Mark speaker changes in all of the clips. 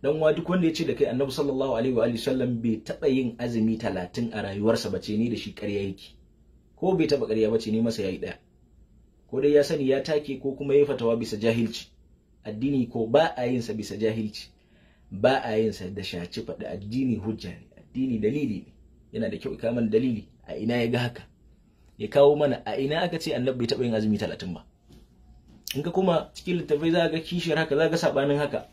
Speaker 1: dan wa duk wanda ya ce da kai annabi sallallahu alaihi wa sallam bai taba yin azumi talatin a rayuwarsa ba ce ni da shi ƙarya yake ko bai taba ƙarya ba ce ni masa yayi ɗaya ko dai ya sani ya take ko kuma ya fatawa bisa jahilci addini ko ba a yin sa bisa jahilci ba a yin sa da shaci faɗi addini hujja ne addini dalili yana da kyau mana dalili a ina ya ga haka ya kawo mana a ina aka ce annabi bai taba yin azumi talatin ba in ka kuma cikin littafai za ga kishiyar haka za ga sabanin haka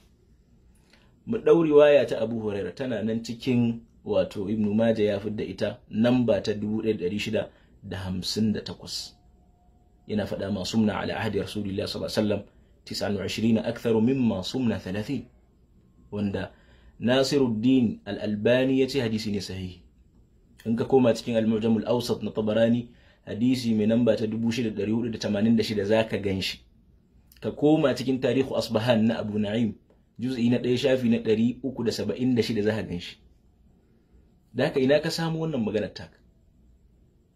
Speaker 1: mu ɗau riwaya ta abu huraira tana nan cikin wato ibnu maja ya fidda ita namba ta 1658 yana faɗa ma sumna ala ahdi rasulillah sallallahu alaihi wasallam 29 aktharu mimma sumna 30 wanda Nasiruddin al-Albani ya ce hadisi ne sahihi in ka koma cikin al-Mu'jamul Awsat na Tabarani hadisi mai namba ta 6486 zaka ganshi ka koma cikin tarihu Asbahan na Abu Na'im juz'i na ɗaya shafi na ɗari uku da saba'in da shida za ka gan shi da haka ina ka samu wannan maganar taka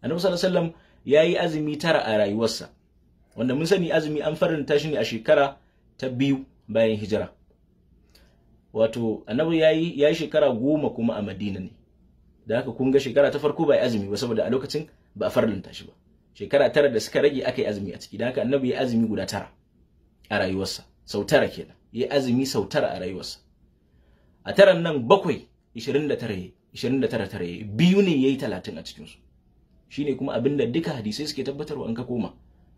Speaker 1: A sallallahu alaihi sallam, ya yi azumi tara a rayuwarsa wanda mun sani azumi an faranta shi ne a shekara ta biyu bayan hijira wato annabi ya yi ya yi shekara goma kuma a madina ne da haka kun ga shekara ta farko ba azumi ba saboda a lokacin ba a faranta shi ba shekara tara da suka rage aka yi azumi a ciki da haka annabi ya azumi guda tara a rayuwarsa sau tara kenan ya azumi sau tara a rayuwarsa a taran nan bakwai 29 biyu ne ya yi talatin a cikinsu. shi ne kuma abin da duka hadisai suke tabbatarwa an ka koma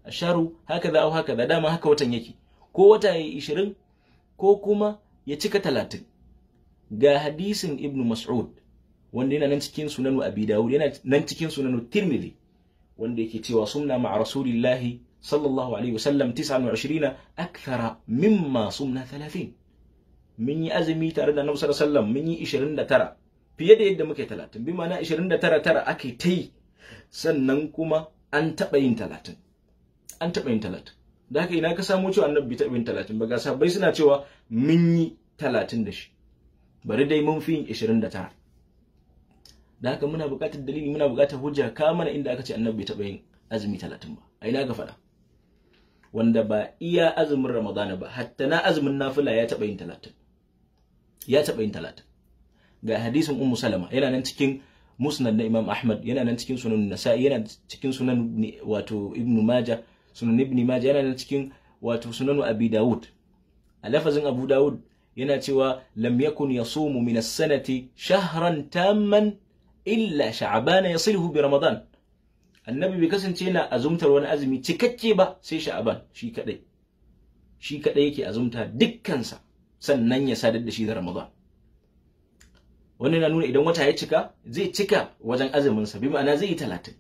Speaker 1: asharu haka da haka da dama haka watan yake ko wata ya yi 20 ko kuma ya cika talatin ga hadisin ibn mas'ud wanda yana nan cikin sunanu abi dawud yana nan cikin sunanu tirmidhi wanda yake cewa sunna ma'a rasulillahi صلى الله عليه وسلم 29 أكثر مما صمنا 30 من أزمي تردى النبي صلى الله عليه وسلم من 29 في يد يد مكي 30 بما أنا 29 ترى أكي تي سننكما أن تبين 30 أن تبين 30 da haka ina ka samu cewa annabi ta bin 30 ba ga sahabbai suna cewa mun yi 30 da shi bari dai mun fi yin 29 da haka muna buƙatar dalili muna buƙatar hujja ka mana inda aka ce annabi ta yin azumi 30 ba a ina ga faɗa wanda ba iya azumin ramadana ba hatta na azumin nafila ya taɓa yin talatin ya taɓa yin talatin ga hadisin ummu salama yana nan cikin musnad na imam ahmad yana nan cikin sunan nasa'i yana cikin sunan wato majah sunan majah yana nan cikin wato sunan abi dawud a lafazin abu dawud yana cewa lam yakun yasumu min as-sanati shahran tamman illa sha'bana yasilhu bi ramadan annabi bai kasance yana azumtar wani azumi cikakke ba sai sha'aban shi kadai shi kadai yake azumta dukkansa sannan ya sadar da shi da ramadan wannan na nuna idan wata ya cika zai cika wajen azumin sa bi ma'ana zai yi talatin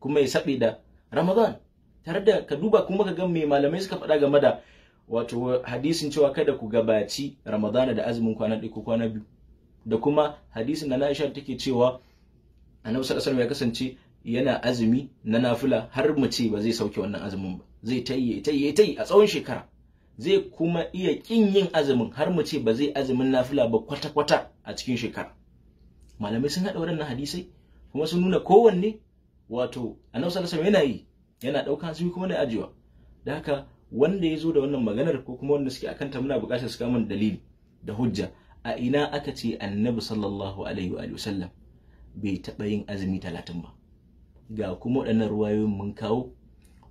Speaker 1: kuma ya sabe da ramadan tare da ka duba kuma ka ga mai malamai suka faɗa game da wato hadisin cewa kada ku gabaci ramadana da azumin kwana ɗaya ko kwana biyu da kuma hadisin da na'isha take cewa annabi sallallahu alaihi wasallam ya kasance yana azumi na nafila har mu ce ba zai sauke wannan azumin ba zai ta yi ta yi ta a tsawon shekara zai kuma iya kin yin azumin har mu ce ba zai azumin nafila ba kwata kwata a cikin shekara malamai sun haɗa waɗannan hadisai kuma sun nuna kowanne wato annabi sallallahu alaihi yana yi yana dauka azumi kuma da ajiwa da haka wanda ya zo da wannan maganar ko kuma wanda suke akan ta muna buƙatar su kamun dalili da hujja a ina aka ce annabi sallallahu alaihi wa sallam bai taɓa yin azumi talatin ba ga kuma waɗannan ruwayoyin mun kawo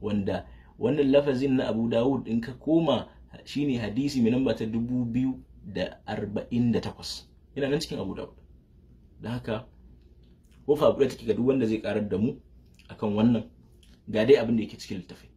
Speaker 1: wanda wannan lafazin na abu dawud in ka koma shine hadisi mai namba ta dubu biyu da arba'in yana nan cikin abu dawud don haka kofa abu da take ga duk wanda zai karar da mu akan wannan ga dai abin da yake cikin littafin